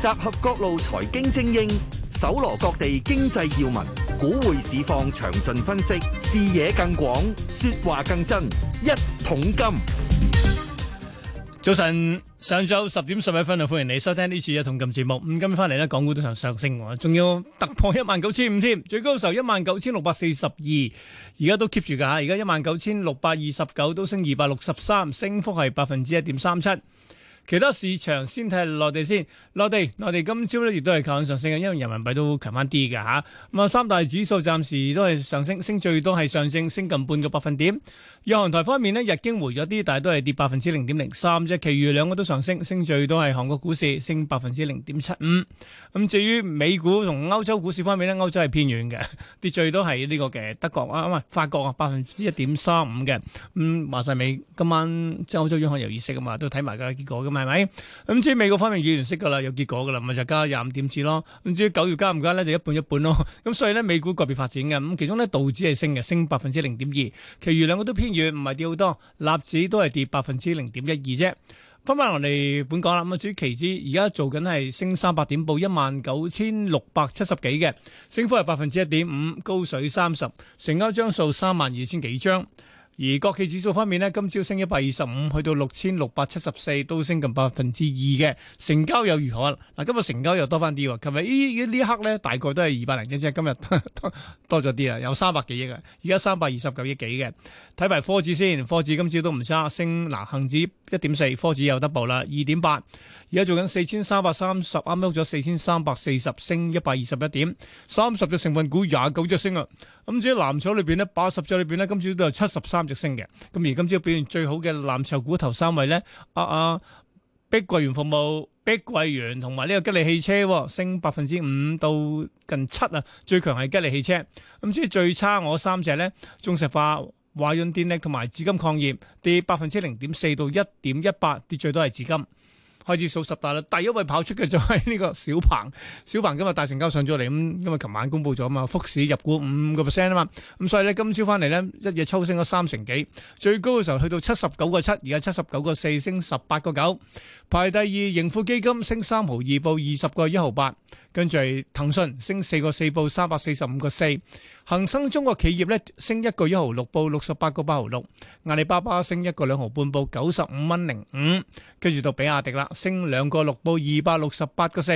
集合各路財經精英，搜羅各地經濟要聞，股匯市況詳盡分析，視野更廣，說話更真。一桶金，早晨，上晝十點十一分啊！歡迎你收聽呢次一桶金節目。咁今日翻嚟，港股都上上升，仲要突破一萬九千五添，最高嘅時候一萬九千六百四十二，而家都 keep 住噶。而家一萬九千六百二十九，都升二百六十三，升幅係百分之一點三七。其他市場先睇內地先。內地，內地今朝咧亦都係靠緊上升嘅，因為人民幣都強翻啲嘅嚇。咁啊，三大指數暫時都係上升，升最多係上證，升近半個百分點。日韓台方面咧，日經回咗啲，但係都係跌百分之零點零三啫。其餘兩個都上升，升最多係韓國股市升百分之零點七五。咁至於美股同歐洲股市方面咧，歐洲係偏軟嘅，跌最多係呢個嘅德國啊，唔係法國啊，百分之一點三五嘅。咁話曬尾，今晚即係歐洲央行有議息啊嘛，都睇埋個結果嘅，係咪？咁至於美國方面，議完息㗎啦。有結果噶啦，咪就加廿五點字咯。咁至於九月加唔加咧，就一半一半咯。咁、嗯、所以咧，美股個別發展嘅。咁其中咧，道指係升嘅，升百分之零點二。其餘兩個都偏軟，唔係跌好多。納指都係跌百分之零點一二啫。翻翻落嚟本港啦，咁至於期指，而家做緊係升三百點，報一萬九千六百七十幾嘅，升幅係百分之一點五，高水三十，成交張數三萬二千幾張。而國企指數方面咧，今朝升一百二十五，去到六千六百七十四，都升近百分之二嘅。成交又如何啊？嗱，今日成交又多翻啲喎。琴日呢一刻咧，大概都係二百零一啫，今日多多咗啲啦，有三百幾億啊，而家三百二十九億幾嘅。睇埋科指先，科指今朝都唔差，升嗱、啊，恒指一點四，科指又 double 啦，二點八。而家做緊四千三百三十，啱啱咗四千三百四十，升一百二十一點。三十隻成分股廿九隻升啊。咁至於藍籌裏邊呢，八十隻裏邊呢，今朝都有七十三隻升嘅。咁而今朝表現最好嘅藍籌股頭三位咧，啊，啊，阿碧桂園服務、碧桂園同埋呢個吉利汽車、哦，升百分之五到近七啊。最強係吉利汽車。咁至於最差我三隻咧，中石化。華潤電力同埋紫金礦業跌百分之零點四到一點一八，跌最多係紫金，開始數十大啦，第一位跑出嘅就係呢個小鵬。小鵬今日大成交上咗嚟，咁因為琴晚公布咗啊嘛，福士入股五個 percent 啊嘛，咁所以呢今朝翻嚟，呢一夜抽升咗三成幾，最高嘅時候去到七十九個七，而家，七十九個四，升十八個九。排第二，盈富基金升三毫二，報二十個一毫八，跟住係騰訊升四個四，報三百四十五個四，恒生中國企業咧，升一個一毫六，報六十八個八毫六，阿里巴巴升一個兩毫半，報九十五蚊零五，跟住到比亞迪啦，升兩個六，報二百六十八個四。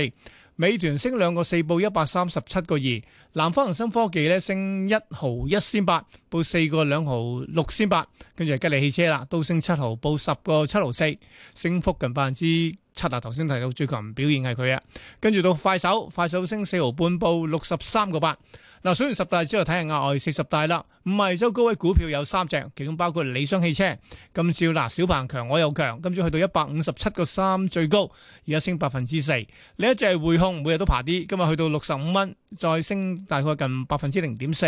美團升兩個四，報一百三十七個二。南方恒生科技咧升一毫一仙八，報四個兩毫六仙八。跟住吉利汽車啦，都升七毫，報十個七毫四，升幅近百分之七啊！頭先提到最近表現係佢啊。跟住到快手，快手升四毫半，報六十三個八。嗱，數完十大之後，睇下額外四十大啦。唔係，周高位股票有三隻，其中包括理想汽車。今朝嗱，小鵬強我又強，今朝去到一百五十七個三最高，而家升百分之四。呢一隻係匯控，每日都爬啲，今日去到六十五蚊，再升大概近百分之零點四。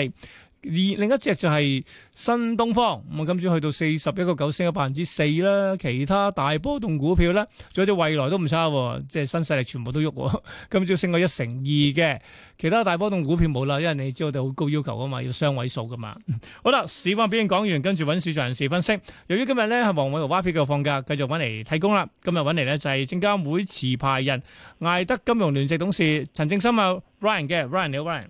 而另一隻就係新東方，咁我今朝去到四十一個九，升咗百分之四啦。其他大波動股票咧，仲有隻蔚來都唔差，即係新勢力全部都喐。今朝升過一成二嘅，其他大波動股票冇啦，因為你知道我哋好高要求啊嘛，要雙位數噶嘛。 好啦，市況表現講完，跟住揾市場人士分析。由於今日咧係黃偉和 YF 嘅放假，繼續揾嚟替工啦。今日揾嚟咧就係證監會持牌人艾德金融聯席董事陳正深啊，Ryan 嘅，Ryan 你好，Ryan。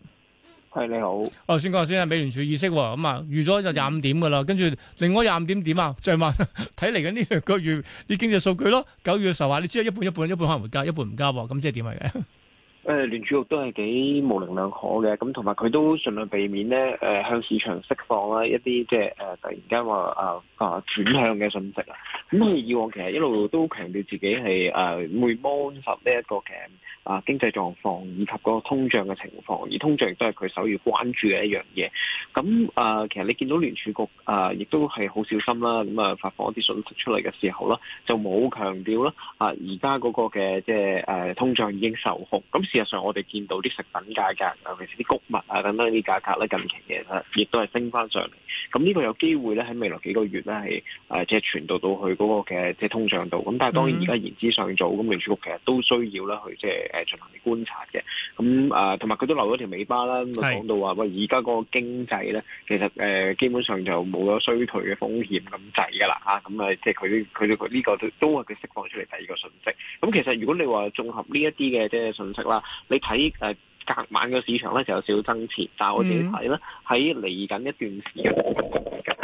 係，你好，哦先講下先啊，美聯儲議息喎，咁啊預咗就廿五點噶啦，跟住另外廿五點點啊，就係話睇嚟緊呢個月、啲經濟數據咯，九月嘅時候話你知，一半一半一半可能會加，一半唔加，咁即係點嚟嘅？誒聯儲局都係幾模棱兩可嘅，咁同埋佢都盡量避免咧向市場釋放啦一啲即係、呃、突然間話啊啊轉向嘅信息啦。咁佢以往其實一路都強調自己係誒會 monitor 呢一個嘅啊經濟狀況以及嗰個通脹嘅情況，而通脹亦都係佢首要關注嘅一樣嘢。咁啊、呃，其實你見到聯儲局啊，亦、呃、都係好小心啦。咁啊，發放一啲信息出嚟嘅時候啦，就冇強調啦啊而家嗰個嘅即係誒、呃、通脹已經受控咁。事實上，我哋見到啲食品價格，尤其是啲谷物啊等等啲價格咧，近期其實亦都係升翻上嚟。咁呢個有機會咧，喺未來幾個月咧係誒，即係傳導到去嗰個嘅即係通脹度。咁但係當然而家言之尚早，咁農主局其實都需要咧去即係誒進行觀察嘅。咁啊，同埋佢都留咗條尾巴啦。咁講到話喂，而家個經濟咧，其實誒基本上就冇咗衰退嘅風險咁滯㗎啦。嚇，咁啊，即係佢佢佢呢個都都係佢釋放出嚟第二個訊息。咁其實如果你話綜合呢一啲嘅即係訊息啦。你睇誒隔晚嘅市場咧就有少少增設，但係我哋睇咧喺嚟緊一段時間。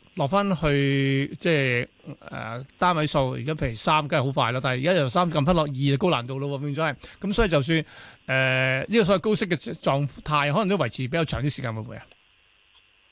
落翻去即係誒單位數，而家譬如三，梗係好快啦。但係而家由三撳翻落二就高難度咯，變咗係。咁所以就算誒呢、呃呢個所謂高息嘅狀態，可能都維持比較長啲時間，會唔會啊？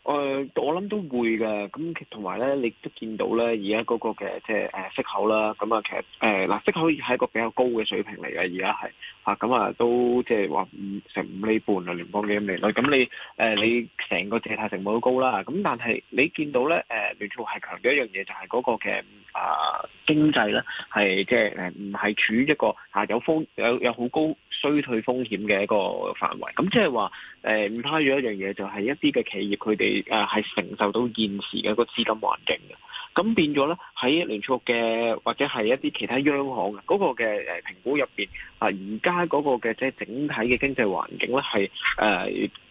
誒、呃，我諗都會嘅，咁同埋咧，你都見到咧，而家嗰個嘅即係誒息口啦，咁啊，其實誒嗱、呃、息口係一個比較高嘅水平嚟嘅，而家係啊，咁啊都即係話五成五厘半啊，聯邦基金利率，咁你誒、呃、你成個借貸成本好高啦，咁但係你見到咧誒聯儲係強調一樣嘢，就係、是、嗰個嘅啊、呃、經濟咧係即係誒唔係處於一個啊有豐有有好高，衰退風險嘅一個範圍，咁即係話誒，唔差住一樣嘢就係、是、一啲嘅企業佢哋誒係承受到現時嘅個資金環境嘅，咁變咗咧喺聯儲嘅或者係一啲其他央行嘅嗰個嘅誒評估入邊啊，而家嗰個嘅即係整體嘅經濟環境咧係誒。呃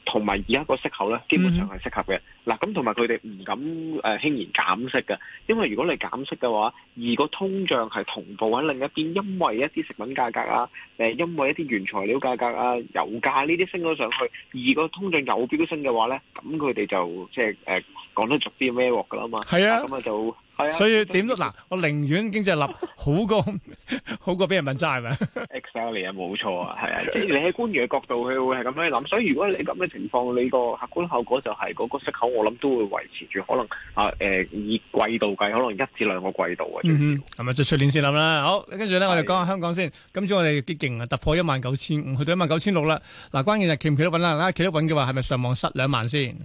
同埋而家個息口咧，基本上係適合嘅。嗱、mm，咁同埋佢哋唔敢誒、呃、輕言減息嘅，因為如果你減息嘅話，而個通脹係同步喺另一邊，因為一啲食品價格啊、呃，因為一啲原材料價格啊、油價呢啲升咗上去，而個通脹又飆升嘅話咧，咁佢哋就即係誒講得俗啲咩話㗎啦嘛。係 Yeah. 啊，咁啊就。係啊，所以點都嗱、 啊，我寧願經濟立好過， 好過俾人問債係咪？exactly 錯啊，冇錯啊，係啊，即係你喺官員嘅角度，佢會係咁樣諗。所以如果你咁嘅情況，你個客觀效果就係嗰個息口，我諗都會維持住，可能啊，誒、呃，以季度計，可能一至兩個季度啊，嗯嗯。咁啊，再出、嗯、哼年先諗啦。好，跟住咧，是的 我哋講下香港先。今朝我哋激勁啊，突破一萬九千五，去到一萬九千六啦。嗱，關鍵就企唔企得穩啦。企得穩嘅話，係咪上望失兩萬先？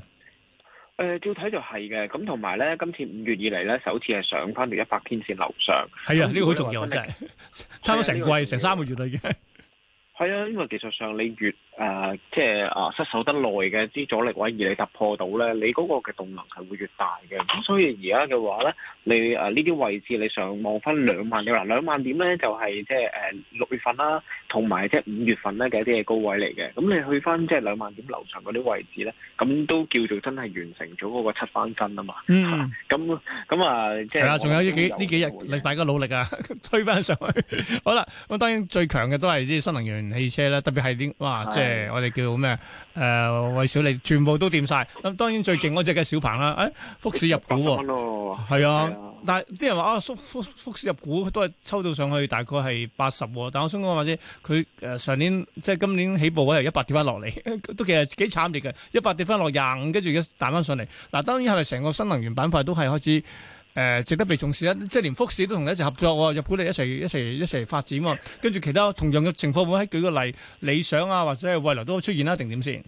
誒、呃、照睇就係嘅，咁同埋咧，今次五月以嚟咧，首次係上翻嚟一百天線樓上。係啊，呢、呢個好重要啊，真係差唔多成季，成三個月喇已經。係啊，因為技術上你越誒、呃、即係啊失守得耐嘅啲阻力位，而你突破到咧，你嗰個嘅動能係會越大嘅。咁所以而家嘅話咧，你誒呢啲位置你上望翻兩萬點啦，兩萬點咧就係即係誒六月份啦，同埋即係五月份咧嘅一啲嘅高位嚟嘅。咁你去翻即係兩萬點樓上嗰啲位置咧，咁都叫做真係完成咗嗰個七翻身啊嘛。嗯。咁咁啊，係啊，仲、嗯嗯、有呢幾呢幾，幾日，你大家努力啊， 推翻上去。好啦，咁當然最強嘅都係啲新能源。汽車啦，特別係啲哇，的即係我哋叫咩誒、呃？蔚小理全部都掂晒，咁，當然最勁嗰隻嘅小鵬啦。誒、哎，福士入股喎，係、嗯嗯嗯嗯嗯、啊，是的但係啲人話啊，福福士入股都係抽到上去，大概係八十。但我想講話啫，佢誒、呃、上年即係今年起步位由一百跌翻落嚟， 都其實幾慘烈嘅，一百跌翻落廿五，跟住而家彈翻上嚟嗱。當然係咪成個新能源板塊都係開始？誒值得被重視，即係連福士都同你一齊合作喎，入股你一齊一齊一齊發展喎，跟住其他同樣嘅情況會喺，舉個例，理想啊或者係未來都會出現啦，定點先。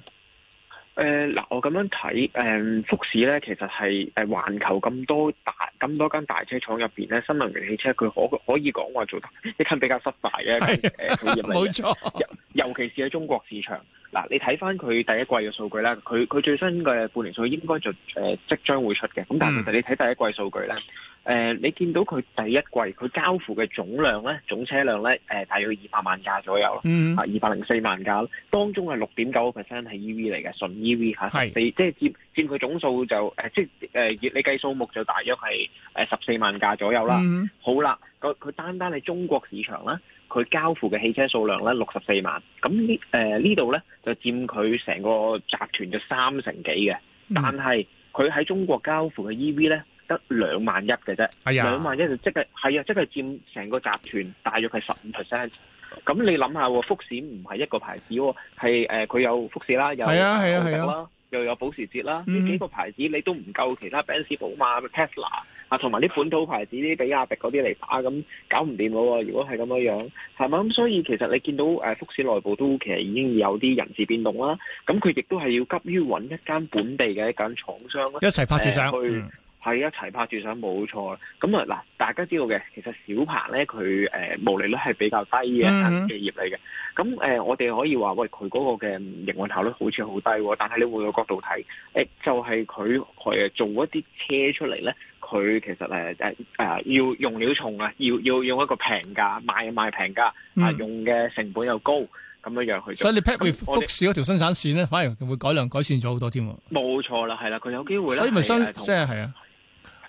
誒，嗱、呃，我咁樣睇，誒、嗯，福士咧，其實係誒環球咁多大咁多間大車廠入邊咧，新能源汽車佢可可以講話做得一間比較失敗嘅誒企業。冇錯、 嗯，嗯、尤其是喺中國市場，嗱、呃，你睇翻佢第一季嘅數據啦，佢佢最新嘅半年數據應該就誒即將會出嘅，咁但係其實你睇第一季數據咧。誒、呃，你見到佢第一季佢交付嘅總量咧，總車量咧，誒、呃，大約二百萬架左右，嗯，啊、mm，二百零四萬架啦，當中係六點九個 percent 係 E V 嚟嘅純 E V 嚇、啊，係、mm，hmm. 即係佔佔佢總數就誒，即係誒，你計數目就大約係誒十四萬架左右啦，mm hmm. 好啦，佢單單係中國市場啦，佢交付嘅汽車數量咧，六十四萬，咁、呃、呢誒呢度咧就佔佢成個集團嘅三成幾嘅，mm hmm. 但係佢喺中國交付嘅 E V 咧。得兩萬一嘅啫，兩萬一就即係係啊，即、就、係、是、佔成個集團大約係十五 percent。咁你諗下，福士唔係一個牌子喎，係佢、呃、有福士啦，有保時捷啦，啊啊啊、又有保時捷啦。呢、嗯、幾個牌子你都唔夠其他 Benz、寶馬、Tesla 啊，同埋啲本土牌子啲比亞迪嗰啲嚟打，咁、啊、搞唔掂嘅喎。如果係咁嘅樣係嘛，咁所以其實你見到誒福士內部都其實已經有啲人事變動啦。咁佢亦都係要急於揾一間本地嘅一間廠商一齊拍住上、呃、去。嗯係一、啊、齊拍住上冇錯啦。咁啊嗱，大家知道嘅，其實小鵬咧佢誒毛利率係比較低嘅企、嗯、哼業嚟嘅。咁、嗯、誒、呃，我哋可以話喂佢嗰個嘅營運效率好似好低。但係你換個角度睇，誒、欸、就係佢佢做一啲車出嚟咧，佢其實誒誒誒要用料重啊，要要用一個平價賣賣平價啊、嗯呃，用嘅成本又高，咁樣樣去做。所以你 p a i t h 縮小一條生產線咧，反而會改良改善咗好多添。冇錯啦，係啦、啊，佢有機會啦。所以咪相跟即係係啊。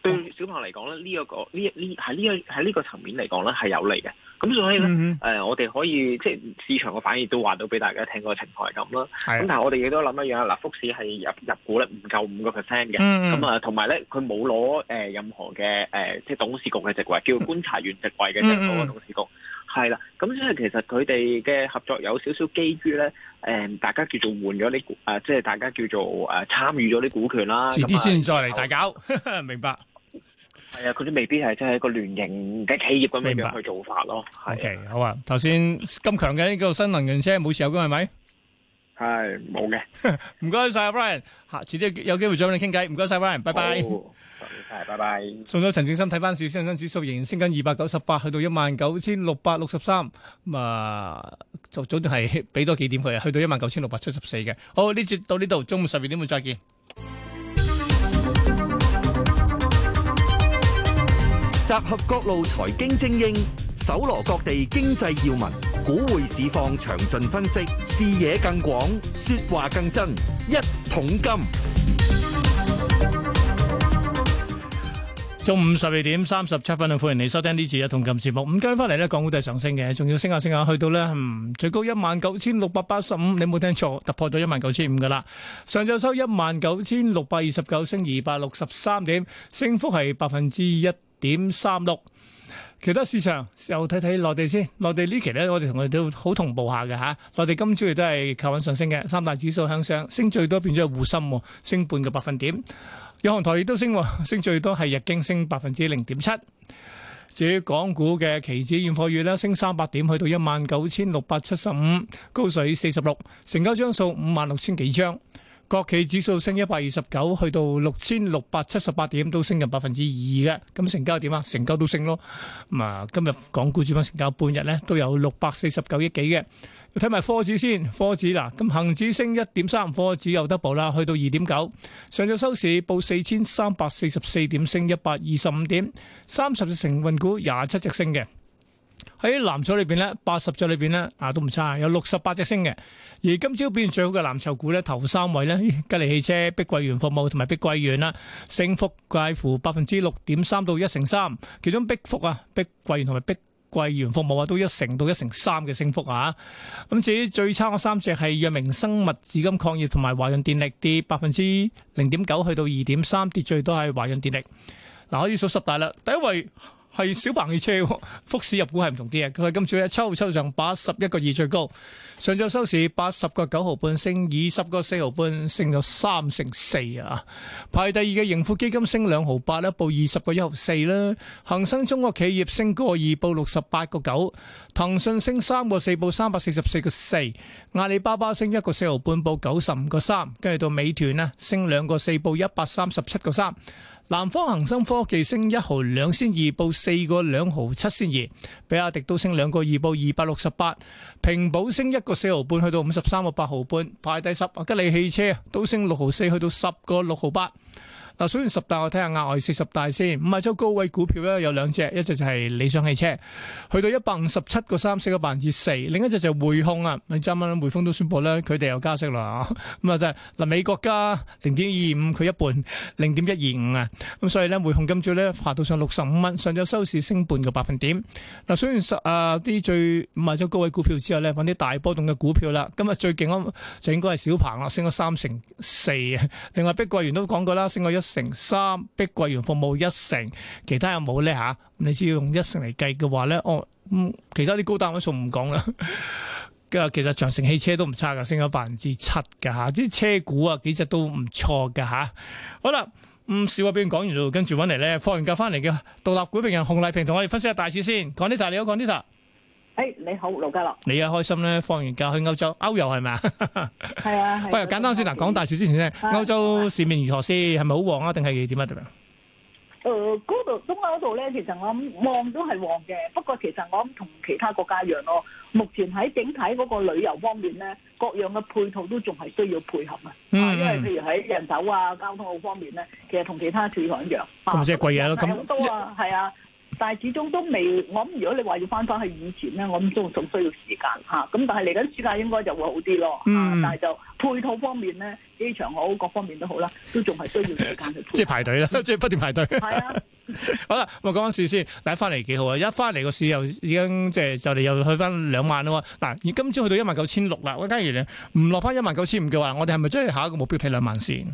對小朋友嚟講咧，呢、這、一個呢呢喺呢一喺呢個層、這個這個這個這個、面嚟講咧係有利嘅。咁所以咧，誒、嗯哼呃、我哋可以即係市場嘅反應都話到俾大家聽個情況係咁啦。咁的但係我哋亦都諗一樣啊，嗱，福士係入入股咧唔夠五個 percent 嘅。咁啊，同埋咧佢冇攞誒任何嘅誒、呃、即係董事局嘅席位，叫觀察員席位嘅啫，嗰個董事局。係啦、嗯，咁、嗯、所以其實佢哋嘅合作有少少基於咧誒，大家叫做換咗啲誒，即係大家叫做誒參與咗啲股權啦。遲啲先再嚟大搞， 明白。係啊，佢都未必係真係一個聯營嘅企業咁樣樣去做法咯。白啊、o、okay，好啊。頭先咁強嘅呢個新能源車冇持有嘅係咪？係冇嘅。唔該晒，Brian。下，遲啲有機會再搵你傾偈。唔該晒，Brian。拜拜。拜拜。謝謝 bye bye 送咗陳正心睇翻市，恒生指數仍然升緊，二百九十八去到一萬九千六百六十三。咁啊，就早段係俾多幾點佢啊，去到一萬九千六百七十四嘅。好，呢節到呢度，中午十二點會再見。集合各路財經精英，搜羅各地經濟要聞，股匯市況詳盡分析，視野更廣，說話更真。一桶金，中午十二點三十七分，歡迎你收聽呢節《一桶金》節目。咁今日翻嚟咧，港股都係上升嘅，仲要升下升下，去到咧最高一萬九千六百八十五，你冇聽錯，突破咗一萬九千五噶啦。上晝收一萬九千六百二十九，升二百六十三點，升幅係百分之一，點三六，其他市場又睇睇內地先，內地呢期咧，我哋同佢都好同步下嘅吓。內地今朝亦都係靠穩上升嘅，三大指數向上，升最多變咗係滬深，升半個百分點。有行台亦都升，升最多係日經升百分之零點七。至於港股嘅期指現貨月咧，升三百點，去到一萬九千六百七十五，高水四十六，成交張數五萬六千幾張。國企指數升一百二十九，去到六千六百七十八點，都升近百分之二嘅。咁成交點啊？成交都升咯。咁啊，今日港股主板成交半日咧，都有六百四十九億幾嘅。睇埋科指先，科指嗱，咁、啊、恒指升一點三，科指又得補啦，去到二點九。上晝收市報四千三百四十四點，升一百二十五點，三十隻成分股廿七隻升嘅。喺藍籌裏邊咧，八十隻裏邊咧，啊都唔差，有六十八隻升嘅。而今朝表現最好嘅藍籌股咧，頭三位咧，吉利汽車、碧桂園服務同埋碧桂園啦，升幅介乎百分之六點三到一成三。其中，碧幅啊，碧桂園同埋碧桂園服務啊，都一成到一成三嘅升幅啊。咁至於最差嘅三隻係藥明生物、紫金礦業同埋華潤電力，跌百分之零點九去到二點三，跌最多係華潤電力。嗱、啊，可以數十大啦，第一位，係小鵬汽車，福士入股係唔同啲嘅。佢今次喺七號抽上八十一個二最高，上晝收市八十個九毫半，升二十個四毫半，升咗三成四啊！排第二嘅盈富基金升兩毫八咧，報二十個一毫四啦。恒生中國企業升個二，報六十八個九。騰訊升三個四，報三百四十四個四。阿里巴巴升一個四毫半，報九十五個三。跟住到美團呢升兩個四，報一百三十七個三。南方恒生科技升一毫兩仙二，報四個兩毫七仙二，比亞迪都升兩個二，報二百六十八。平保升一個四毫半，去到五十三個八毫半，排第十。啊吉利汽車都升六毫四，去到十個六毫八。嗱，數完十大我睇下亞外四十大先，五十二週高位股票咧有兩隻，一隻就係理想汽車，去到一百五十七個三，升咗百分之四。另一隻就匯控啊，噚晚啦匯豐都宣布咧，佢哋又加息啦，咁啊就嗱美國加零點二五，佢一半零點一二五啊，咁所以咧匯控今朝咧爬到上六十五蚊，上晝收市升半個百分點。嗱，數完十啊啲最五十二週高位股票之後咧，揾啲大波動嘅股票啦。今日最勁啊就應該係小鵬啦，升咗三成四啊。另外碧桂園都講過啦，升咗一成三，碧桂園服務一成，其他有冇咧吓？你只要用一成嚟計嘅話咧，哦，咁其他啲高單位數唔講啦。嘅 其實長城汽車都唔差噶，升咗百分之七噶吓，啲車股啊，幾隻都唔錯噶吓。好啦，唔、嗯、少話俾人講完，跟住揾嚟咧，放完假翻嚟嘅獨立股評人洪麗平同我哋分析一下大市先。講呢台你好，講呢台。誒，你好，盧家樂，你啊開心咧，放完假去歐洲歐遊係咪？係啊，喂，簡單先嗱，講大事之前咧，歐洲市面如何先？係咪好旺啊？定係點啊？咁樣？誒，嗰度，東歐嗰度咧，其實我諗旺都係旺嘅，不過其實我諗同其他國家一樣咯。目前喺整體嗰個旅遊方面咧，各樣嘅配套都仲係需要配合啊。嗯。因為譬如喺人手啊、交通嗰方面咧，其實同其他市場一樣。咁即係貴嘢咯。咁多啊，係啊。但係始終都未，我諗如果你話要翻翻去以前咧，我諗都仲需要時間嚇。咁但係嚟緊暑假應該就會好啲咯。嗯，但係就配套方面咧，機場好，各方面都好啦，都仲係需要時間，即係排隊啦，即係不斷排隊。係啊，好啦，咁啊講緊市先，大家翻嚟幾好啊！一翻嚟個市又已經即係就嚟又去翻兩萬啦。嗱，而今朝去到一萬九千六啦。我假如你唔落翻一萬九千五嘅話，我哋係咪將嚟下一個目標睇兩萬先？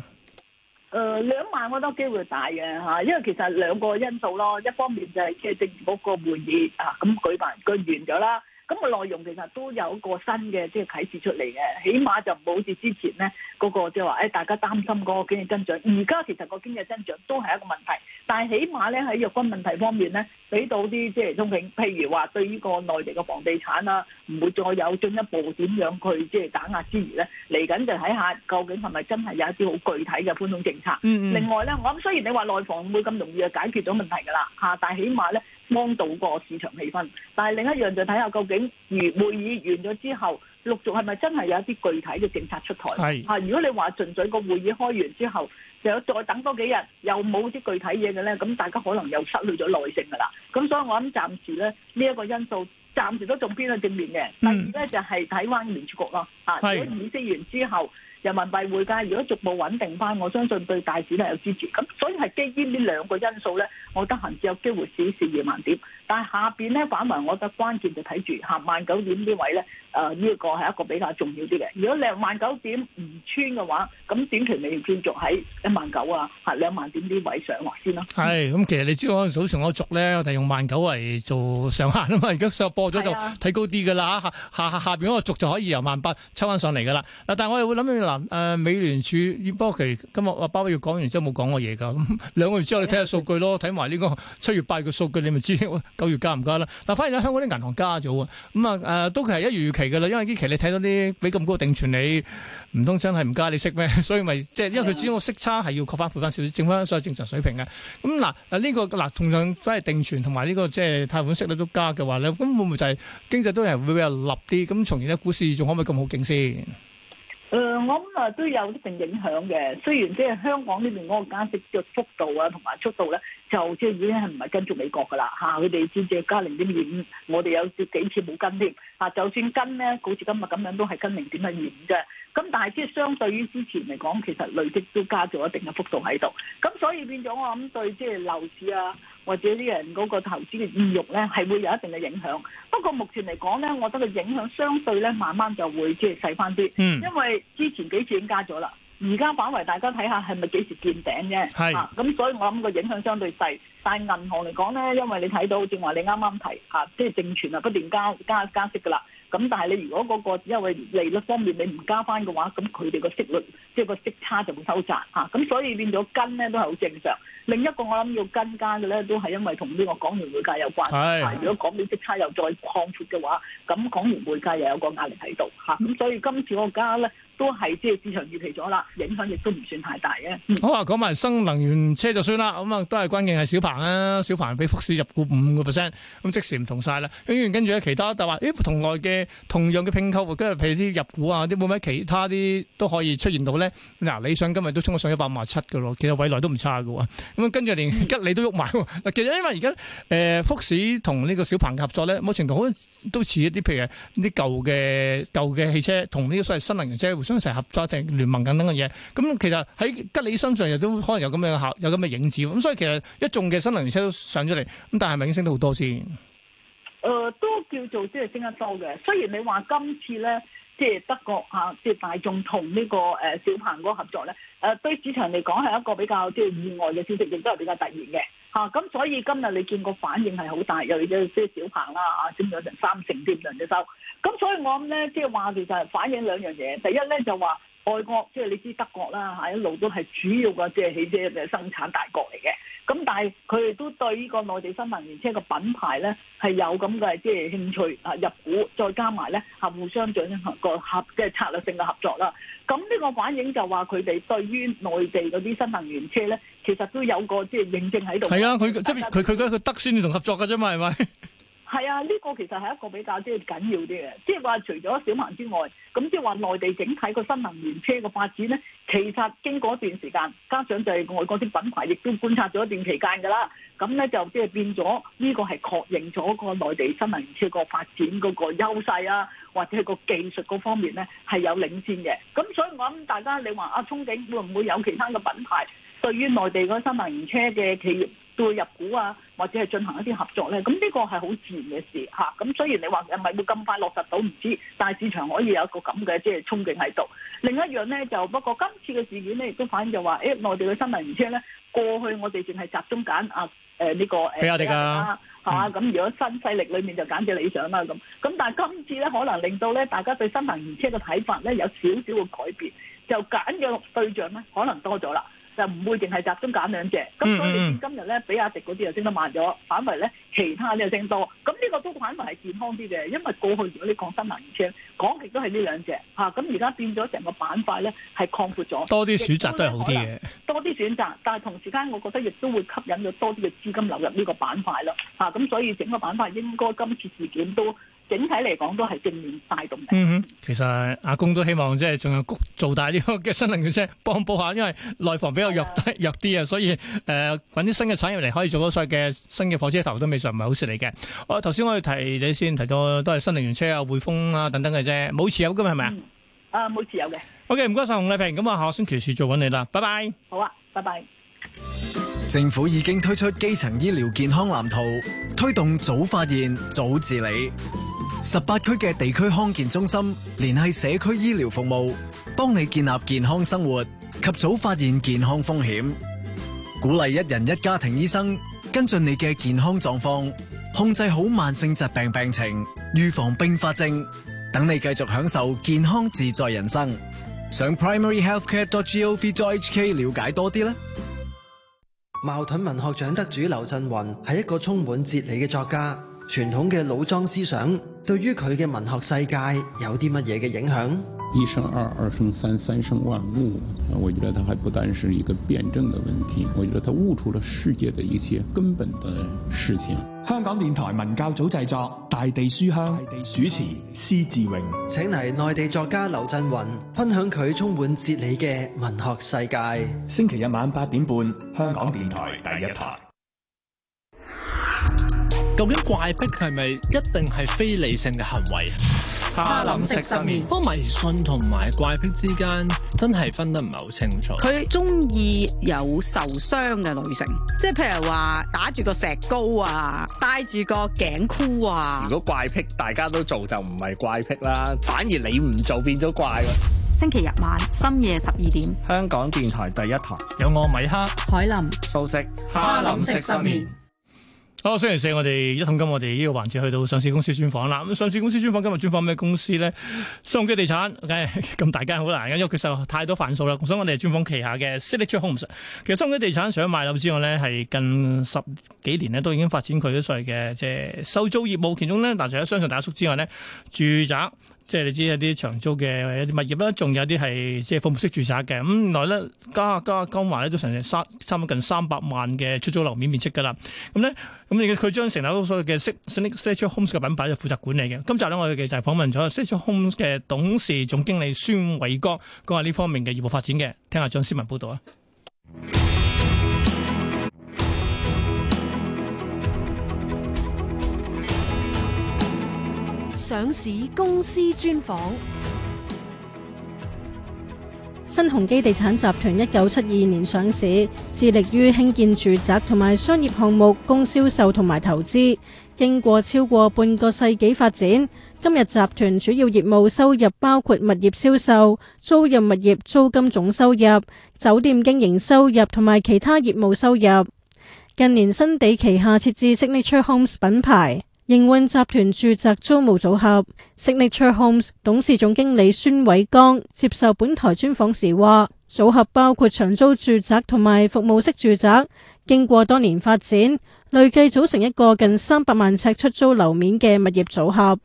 誒、嗯、兩萬我都機會大嘅，因為其實兩個因素咯，一方面就係即係政府個會議嚇咁、啊、舉辦，佢完咗啦。咁個內容其實都有一個新嘅即係啟示出嚟嘅，起碼就唔好似之前咧嗰個即係話誒大家擔心嗰個經濟增長，而家其實個經濟增長都係一個問題，但係起碼咧喺弱軍問題方面咧，俾到啲即係憧憬，譬如話對呢個內地嘅房地產啊，唔會再有進一步點樣去即係打壓之餘咧，嚟緊就睇下究竟係咪真係有一啲好具體嘅寬鬆政策。另外咧，我諗雖然你話內房唔會咁容易就解決咗問題㗎啦嚇，但係起碼咧。幫到個市場氣氛，但係另一樣就睇下究竟如會議完咗之後陸續係咪真係有一啲具體嘅政策出台？係吓，如果你話純粹個會議開完之後，又再等多幾日又冇啲具體嘢嘅咧，咁大家可能又失去咗耐性噶啦。咁所以我諗暫時咧呢一個因素暫時都仲偏向正面嘅。第二咧就係睇翻聯儲局咯，吓，如果議息完之後。人民幣匯價如果逐步穩定翻，我相信對大市係有支持。咁所以係基於呢兩個因素咧，我得閒先有機會試試二萬點。但係下邊咧反而，我覺得關鍵就睇住嚇萬九點呢位咧。誒呢個係一個比較重要啲嘅。如果你萬九點唔穿嘅話，咁短期你要繼續喺一萬九啊，嚇兩萬點呢位上落先咯。係咁，其實你知道我早上我續咧，我哋用萬九嚟做上限啊嘛。而家上播咗就睇高啲㗎啦。下下下邊嗰個續就可以由萬八抽翻上嚟㗎啦。嗱，但係我哋會諗住嗱。誒、呃，美聯儲波奇今日阿包爺講完之後冇講過嘢噶，咁、嗯、兩個月之後你睇下數據咯，睇埋呢個七月八月嘅數據，你咪知九月加唔加啦。嗱，反而喺香港啲銀行加咗，咁啊誒，都係一如預期噶啦，因為呢期你睇到啲俾咁高定存，你唔通真係唔加你識咩？所以咪即係因為佢主要個息差係要確翻回翻少少，正翻所有正常水平嘅。咁、嗯、嗱，呢、啊這個嗱、啊、同樣都係定存同埋呢個即係貸款息率都加嘅話咧，咁會唔會就係經濟都係會比較立啲？咁從而咧，股市仲可唔可以咁好勁先？誒，我諗啊都有一定影響嘅。雖然即係香港呢邊嗰個加息嘅幅度啊，同埋速度咧，就即係已經係唔係跟住美國噶啦嚇。佢哋先至加零點二五，我哋有幾次冇跟添。啊，就算跟咧，好似今日咁樣都係跟零點一二五啫。咁但係即係相對於之前嚟講，其實累積都加咗一定嘅幅度喺度。咁所以變咗我諗對，即係樓市啊，或者啲人嗰個投資嘅意欲咧，係會有一定嘅影響。不過目前嚟講咧，我覺得個影響相對咧，慢慢就會即係細翻啲。嗯，因為之前幾次已經加咗啦，而家反為大家睇下係咪幾時見頂啫。咁是、啊、所以我諗個影響相對細。但銀行嚟講咧，因為你睇到正話話你啱啱提即係、啊就是、證券啊，不斷加加加息噶啦。咁但係你如果嗰個因為利率方面你唔加翻嘅話，咁佢哋個息率即係個息差就會收窄吓，咁所以變咗跟咧都係好正常。另一個我諗要跟加嘅咧，都係因為同呢個港元匯價有關。係，的如果港元息差又再擴闊嘅話，咁港元匯價又有個壓力喺度吓，咁所以今次個加咧。都係即係市場預期咗啦，影響亦都唔算太大嘅。好啊，講埋新能源車就算啦。咁啊，都係關鍵係小鵬啦。小鵬俾福士入股五個 percent，咁即時唔同曬啦。跟住跟住咧，其他就話誒同外嘅同樣嘅拼購，跟住譬如啲入股啊，啲冇乜其他啲都可以出現到咧。嗱，理想今日都衝咗上一百五十七嘅咯，其實蔚來都唔差嘅。咁啊，跟住連吉利都喐埋。其實因為而家誒福士同呢個小鵬合作咧，某程度好都似一啲譬如啲舊嘅舊嘅汽車同呢個所謂新能源車。相成合作定聯盟等等嘅嘢，咁其實喺吉利身上亦都可能有咁樣嘅效，有咁嘅影子。咁所以其實一眾嘅新能源車都上咗嚟，咁但係咪已經升得好多先？誒、呃，都叫做即係升得多嘅。雖然你話今次咧，即係德國嚇，即係大眾同呢個誒小鵬嗰合作咧，誒對市場嚟講係一個比較即係意外嘅消息，亦都係比較突然嘅。咁、啊、所以今日你見個反應係好大，有啲即係小鵬啦，啊，佔咗成三成店咁嘅收。咁所以我諗咧，即係話其實反映兩樣嘢，第一咧就話。外國即係你知德國啦嚇，一路都係主要嘅即係汽車嘅生產大國嚟嘅。咁但係佢哋都對呢個內地新能源車嘅品牌咧係有咁嘅即係興趣啊，入股再加埋咧合互相進行個合即係策略性嘅合作啦。咁呢個反映就話佢哋對於內地嗰啲新能源車咧，其實都有個即係認證喺度。係啊，佢即佢佢得德先同合作㗎啫嘛，係咪？ 係啊，呢個其實係一個比較即係緊要啲嘅，即係話除咗小蠻之外，咁即係話內地整體個新能源車嘅發展咧，其實經過一段時間，加上就係外國啲品牌亦都觀察咗一段期間㗎啦，咁咧就即係變咗呢個係確認咗個內地新能源車個發展嗰個優勢啊，或者係個技術嗰方面咧係有領先嘅。咁所以我諗大家你話啊，憧憬會唔會有其他嘅品牌對於內地嗰個新能源車嘅企業？都會入股啊，或者係進行一啲合作咧，咁呢個係好自然嘅事嚇。咁雖然你話誒係咪會咁快落實到唔知，但係市場可以有一個咁嘅即係憧憬喺度。另一樣咧就不過今次嘅事件咧，亦都反映就話誒內地嘅新能源車咧，過去我哋淨係集中揀啊誒呢個比亞迪㗎嚇，咁如果新勢力裡面就揀隻理想啦咁。咁但係今次咧可能令到咧大家對新能源車嘅睇法咧有少少嘅改變，就揀嘅對象咧可能多咗啦。就唔會淨係集中揀兩隻，咁所以今日咧，比亞迪嗰啲又升得慢咗，反為咧其他呢又升多，咁呢個都反為係健康啲嘅，因為過去如果你講新能車，講極都係呢兩隻，吓，咁而家變咗成整個板塊咧係擴闊咗，多啲選擇都係好啲嘅，多啲選擇，但係同時間我覺得亦都會吸引咗多啲嘅資金流入呢個板塊咯，咁、啊、所以整個板塊應該今次事件都。整體嚟講都係正面帶動嘅。嗯嗯，其實阿公都希望即係仲有谷做大呢個嘅新能源車，幫補下，因為內房比較弱低弱啲啊，所以誒揾啲新嘅產業嚟可以做多晒嘅新嘅火車頭都未嘗唔係好事嚟嘅。我頭先我哋提你先提到都係新能源車啊，匯豐啊等等嘅啫，冇持有噶係咪啊？嗯，啊冇持有嘅。O K，唔該晒洪麗萍，咁啊，下個星期就揾你啦，拜拜。好啊，拜拜。政府已經推出基層醫療健康藍圖，推動早發現、早治理。十八區嘅地區康健中心聯繫社區醫療服務，幫你建立健康生活及早發現健康風險，鼓勵一人一家庭醫生跟進你嘅健康狀況，控制好慢性疾病病情，預防併發症，等你繼續享受健康自在人生。上 primaryhealthcare.gov.hk 了解多啲啦。茅盾文學獎得主劉震雲係一個充滿哲理嘅作家。傳統嘅老莊思想對於佢嘅文學世界有啲乜嘢嘅影響？一生二，二生三，三生萬物。我覺得佢還不單是一個辯證的問題，我覺得佢悟出了世界的一些根本的事情。香港電台文教組製作《大地書香》大地書香，地主持,地主持施志榮，請嚟內地作家劉震雲分享佢充滿哲理嘅文學世界。星期日晚八點半，香港電台第一台。究竟怪癖係咪一定係非理性嘅行為？哈林食失眠，不過迷信同埋怪癖之間真係分得唔係好清楚。佢中意有受傷嘅女性，即係譬如話打住個石膏啊，戴住個頸箍啊。如果怪癖大家都做就唔係怪癖啦，反而你唔做變咗怪。星期日晚深夜十二點，香港電台第一台有我米哈、海林、素食、哈林食失眠。好，星期四我哋一桶金，我哋呢個環節去到上市公司專訪啦。咁上市公司專訪，今日專訪咩公司咧？中基地產，咁大間好難，因為佢實太多繁數啦，所以我哋係專訪旗下嘅 City Chief 康唔實。其實中基地產除咗賣樓之外咧，係近十幾年咧都已經發展佢啲所謂嘅誒收租業務，其中咧，但除咗商場大廈之外咧，住宅。即係你知有啲長租嘅一啲物業啦，仲有啲係即係服務式住宅嘅，咁，原來咧加上加加埋咧都成三差唔多近三百萬嘅出租樓免免的、嗯、樓面面積噶啦，咁咧咁佢將成套所有嘅 Snitch o Homes 嘅品牌就負責管理嘅。今集咧我哋就係訪問咗 Social Homes 嘅董事總經理孫偉國，講下呢方面嘅業務發展嘅。聽下張思文報導啊！上市公司專訪：新鴻基地產集團一九七二年上市，致力於興建住宅同埋商業項目供銷售同埋投資。經過超過半個世紀發展，今日集團主要業務收入包括物業銷售、租入物業租金總收入、酒店經營收入同埋其他業務收入。近年新地旗下設置 Signature Homes 品牌。營運集團住宅租務組合 Signature Homes 董事總經理孫偉剛接受本台專訪時話，組合包括長租住宅同埋服務式住宅，經過多年發展，累計組成一個近三百萬尺出租樓面嘅物業組合。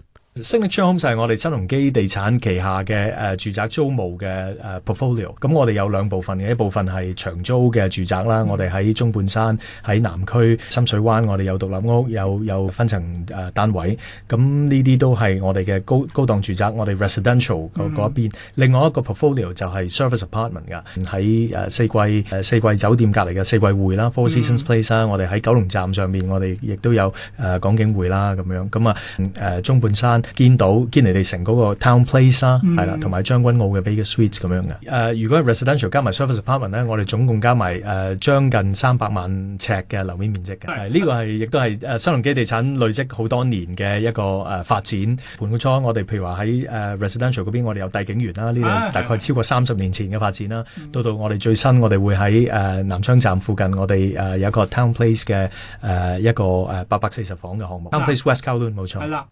Signature Homes 係我哋新鴻基地產旗下嘅誒住宅租務嘅誒 portfolio。咁我哋有兩部分嘅，一部分係長租嘅住宅啦。我哋喺中半山、喺南區、深水灣，我哋有獨立屋、有有分層誒單位。咁呢啲都係我哋嘅高高檔住宅，我哋 residential 嗰嗰一邊。另外一個 portfolio 就係 service apartment 㗎，喺誒四季誒四季酒店隔離嘅四季匯啦，Four Seasons Place 啦。我哋喺九龍站上面，我哋亦都有誒港景匯啦咁樣。咁啊誒中半山。見到堅尼地城嗰個 town place 啦、啊，啦、mm.，同埋將軍澳嘅 big suites 咁樣嘅、啊。如果 residential 加埋 service apartment 咧，我哋總共加埋誒、呃、將近三百萬尺嘅樓面面積嘅。呢的、啊這個係亦都係新鴻基地產累積好多年嘅一個誒、啊、發展。盤古初，我哋譬如話喺、啊、residential 嗰邊，我哋有帝景園啦，呢、這、度、個、大概超過三十年前嘅發展啦。的到到我哋最新我，我哋會喺南昌站附近我，我哋誒有一個 town place 嘅誒、啊、一個誒八百四十房嘅項目。的 Town Place West Kowloon 冇錯。啦。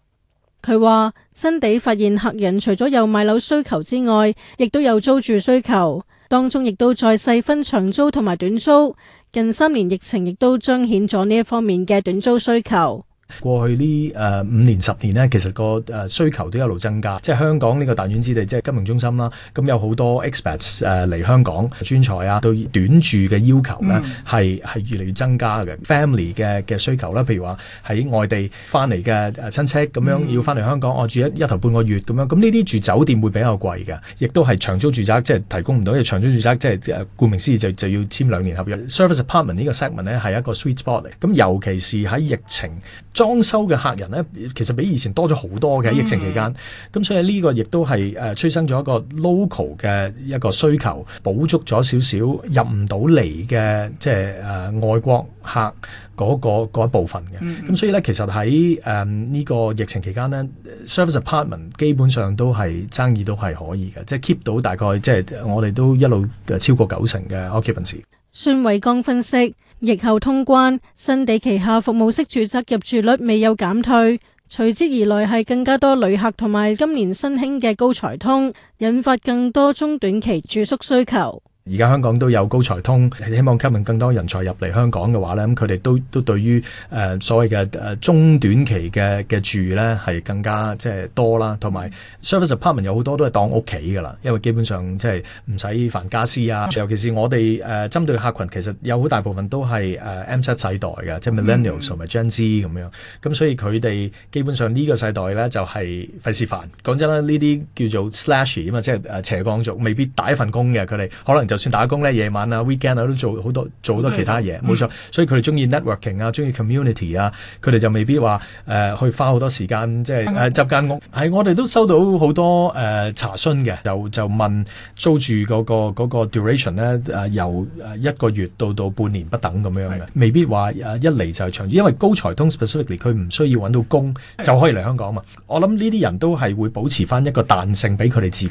佢話新地發現客人除咗有買樓需求之外，亦都有租住需求，當中亦都再細分長租同埋短租。近三年疫情亦都彰顯咗呢一方面嘅短租需求。過去呢誒五年十年呢，其實個誒需求都一路增加，即係香港呢個彈丸之地，即係金融中心啦。咁、嗯、有好多 experts 誒、呃、嚟香港專才啊，對短住嘅要求呢係係、嗯、越嚟越增加嘅。Family 嘅嘅需求啦，譬如話喺外地翻嚟嘅親戚咁樣、嗯、要翻嚟香港，我、啊、住一一頭半個月咁樣，咁呢啲住酒店會比較貴嘅，亦都係長租住宅，即係提供唔到。因長租住宅即係顧名思義就就要簽兩年合約。Service apartment 呢個 segment 呢，係一個 sweet spot 嚟，咁、嗯、尤其是喺疫情。裝修嘅客人呢，其實比以前多咗好多嘅，疫情期間，咁、mm hmm. 嗯、所以呢個亦都係誒催生咗一個 local 嘅一個需求，補足咗少少入唔到嚟嘅即係誒外國客嗰、那個嗰一部分嘅。咁、mm hmm. 嗯、所以呢，其實喺誒呢個疫情期間呢 service apartment 基本上都係生意都係可以嘅，即係 keep 到大概即係我哋都一路超過九成嘅 occupancy。孫偉剛分析。疫後通關，新地旗下服務式住宅入住率未有減退，隨之而來係更加多旅客同埋今年新興嘅高才通，引發更多中短期住宿需求。而家香港都有高才通，希望吸引更多人才入嚟香港嘅話咧，咁佢哋都都對於誒、呃、所謂嘅誒中短期嘅嘅住咧係更加即係多啦，同埋 service apartment 有好多都係當屋企噶啦，因為基本上即係唔使煩家私啊。尤其是我哋誒、呃、針對客群，其實有好大部分都係誒 MZ 世代嘅，嗯、即係 millennials 同埋 Gen Z 咁樣，咁所以佢哋基本上呢個世代咧就係費事煩講真啦，呢啲叫做 slash 啊嘛，即係誒斜槓族，未必打一份工嘅，佢哋可能就～就算打工咧，夜晚啊、weekend 啊都做好多做好多其他嘢，冇錯、嗯，所以佢哋中意 networking 啊，中意 community 啊，佢哋就未必話誒去花好多時間即係誒執間屋。係、嗯、我哋都收到好多誒、呃、查詢嘅，就就問租住嗰個嗰個 duration 咧，誒、呃、由誒一個月到到半年不等咁樣嘅，的未必話誒、呃、一嚟就係長，因為高才通 specifically 佢唔需要揾到工就可以嚟香港啊嘛。的我諗呢啲人都係會保持翻一個彈性俾佢哋自己。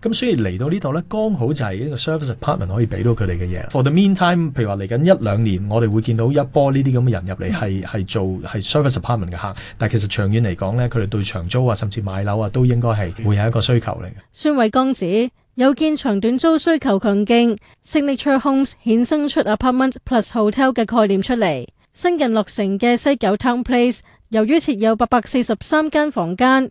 咁所以嚟到這裡呢度咧，剛好就係一個 service。可以俾到佢哋嘅嘢。For the meantime，譬如話嚟緊一兩年，我哋會見到一波呢啲咁嘅人入嚟，係係做係 service apartment 嘅客。但其實長遠嚟講咧，佢哋對長租啊，甚至買樓啊，都應該係會有一個需求嚟嘅。孫偉剛指有見長短租需求強勁，Signature Homes 衍生出 apartment plus hotel 嘅概念出嚟。新近落成嘅西九 Town Place，由於設有八百四十三間房間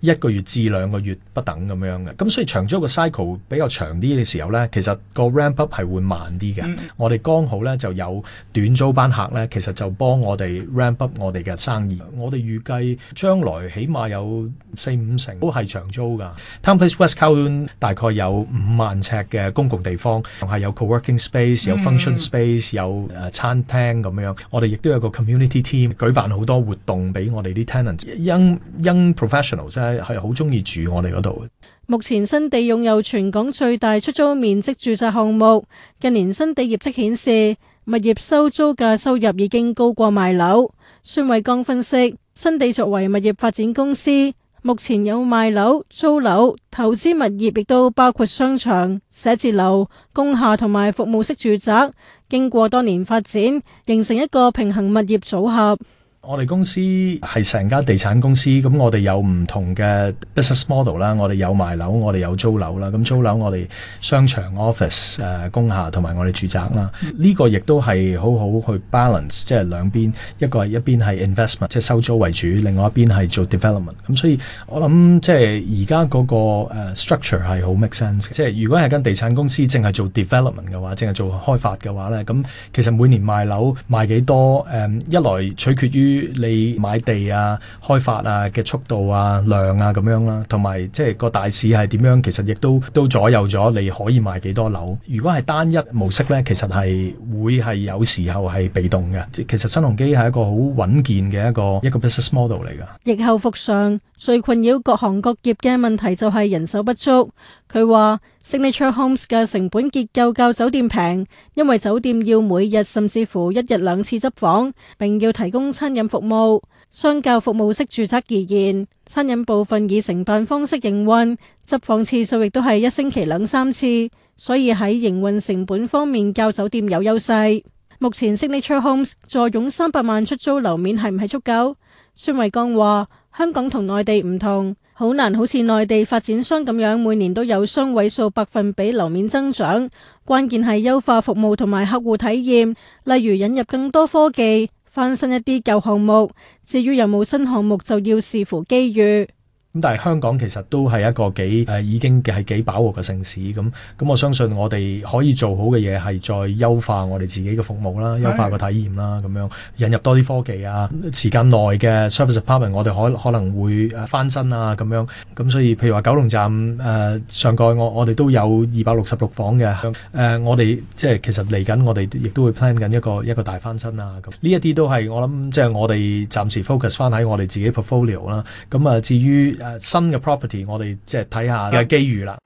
一個月至兩個月不等咁樣嘅，咁所以長租嘅 cycle 比較長啲嘅時候呢，其實個 ramp up 係會慢啲嘅。Mm. 我哋剛好呢就有短租班客呢，其實就幫我哋 ramp up 我哋嘅生意。Mm. 我哋預計將來起碼有四五成都係長租㗎。Mm. Town Place West Kowloon 大概有五萬尺嘅公共地方，仲係有 co-working space、有 function space、mm. 有餐廳咁樣。我哋亦都有個 community team 舉辦好多活動俾我哋啲 tenants、mm. young young professionals 係好中意住我哋嗰度。目前新地擁有全港最大出租面積住宅項目。近年新地業績顯示，物業收租嘅收入已經高過賣樓。孫偉剛分析，新地作為物業發展公司，目前有賣樓、租樓、投資物業，亦都包括商場、寫字樓、工廈同埋服務式住宅。經過多年發展，形成一個平衡物業組合。我哋公司係成間地產公司，咁我哋有唔同嘅 business model 啦，我哋有賣樓，我哋有租樓啦。咁租樓我哋商場 office,、呃、office 誒、工廈同埋我哋住宅啦。呢個亦都係好好去 balance，即係兩邊，一個係一邊係 investment，即係收租為主，另外一邊係做 development。咁所以我諗即係而家嗰個誒 structure 係好 make sense。即係如果係間地產公司淨係做 development 嘅話，淨係做開發嘅話咧，咁其實每年賣樓賣幾多，誒、嗯、一來取決於。你買地啊、開發啊嘅速度啊、量啊咁樣啦，同埋即係個大市係點樣，其實亦都都左右咗你可以賣幾多樓。如果係單一模式呢，其實係會係有時候係被動嘅。其實新鴻基係一個好穩健嘅一個一個 business model 嚟噶。疫後復上，最困擾各行各業嘅問題就係人手不足。佢話：Signature Homes 嘅成本結構較酒店平，因為酒店要每日甚至乎一日兩次執房，並要提供餐飲服務，相較服務式住宅而言，餐飲部分以承辦方式營運，執房次數亦都係一星期兩三次，所以喺營運成本方面較酒店有優勢。目前 Signature Homes 坐擁三百萬出租樓面係唔係足夠？孫維剛話。香港同內地唔同，好難好似內地發展商咁樣，每年都有雙位數百分比樓面增長。關鍵係優化服務同埋客戶體驗，例如引入更多科技、翻新一啲舊項目。至於有冇新項目，就要視乎機遇。咁但係香港其實都係一個幾、呃、已經係幾飽和嘅城市咁，咁、嗯嗯、我相信我哋可以做好嘅嘢係再優化我哋自己嘅服務啦，優化個體驗啦，咁樣引入多啲科技啊，時間內嘅 service apartment 我哋可可能會翻新啊，咁樣咁、嗯、所以譬如話九龍站誒、呃、上蓋、呃，我我哋都有二百六十六房嘅，誒我哋即係其實嚟緊，我哋亦都會 plan 緊一個一個大翻新啊咁，呢一啲都係我諗即係我哋暫時 focus 翻喺我哋自己 portfolio 啦、嗯，咁啊至於，誒新嘅 property，我哋即係睇下嘅機遇啦。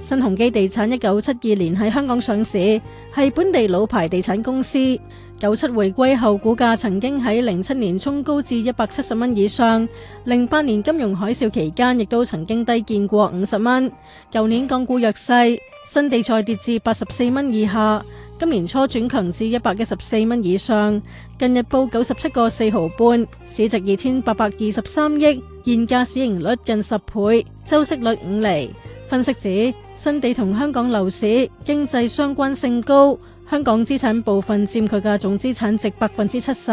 新鴻基地產一九七二年喺香港上市，係本地老牌地產公司。九七回歸後，股價曾經喺零七年衝高至一百七十蚊以上，零八年金融海嘯期間亦都曾經低見過五十蚊。舊年港股弱勢。新地再跌至八十四蚊以下，今年初轉強至一百一十四蚊以上，近日報九十七個四毫半，市值二千八百二十三億，現價市盈率近十倍，周息率五厘。分析指，新地同香港樓市經濟相關性高，香港資產部分佔佢嘅總資產值百分之七十。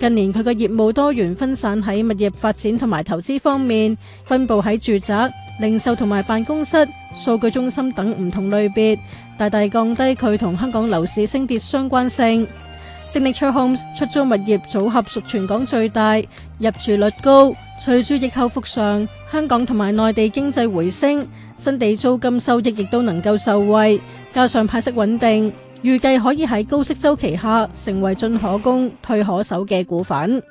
近年佢嘅業務多元分散喺物業發展同埋投資方面，分布喺住宅、零售同埋辦公室、數據中心等唔同類別，大大降低佢同香港樓市升跌相關性。盛力翠 homes 出租物業組合屬全港最大，入住率高。隨住疫後復上，香港同埋內地經濟回升，新地租金收益亦都能夠受惠，加上派息穩定，預計可以喺高息週期下成為進可攻、退可守嘅股份。